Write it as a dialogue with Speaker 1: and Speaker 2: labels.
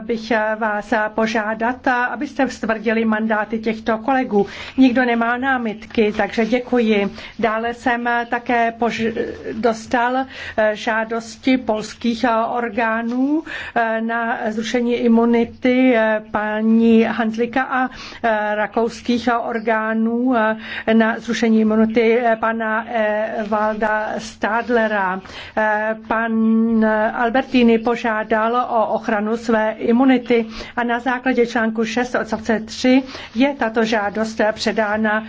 Speaker 1: bych eh, vás eh, požádat, eh, abyste stvrdili mandáty těchto kolegů. Nikdo nemá námitky, takže děkuji. Dále jsem také dostal žádosti polských orgánů na zrušení imunity paní Handlika a rakouských orgánů na zrušení imunity pana Valda Stadlera. Pan Albertini požádal o ochranu své imunity a na základě článku 6 odstavce 3 je tato žádost
Speaker 2: předána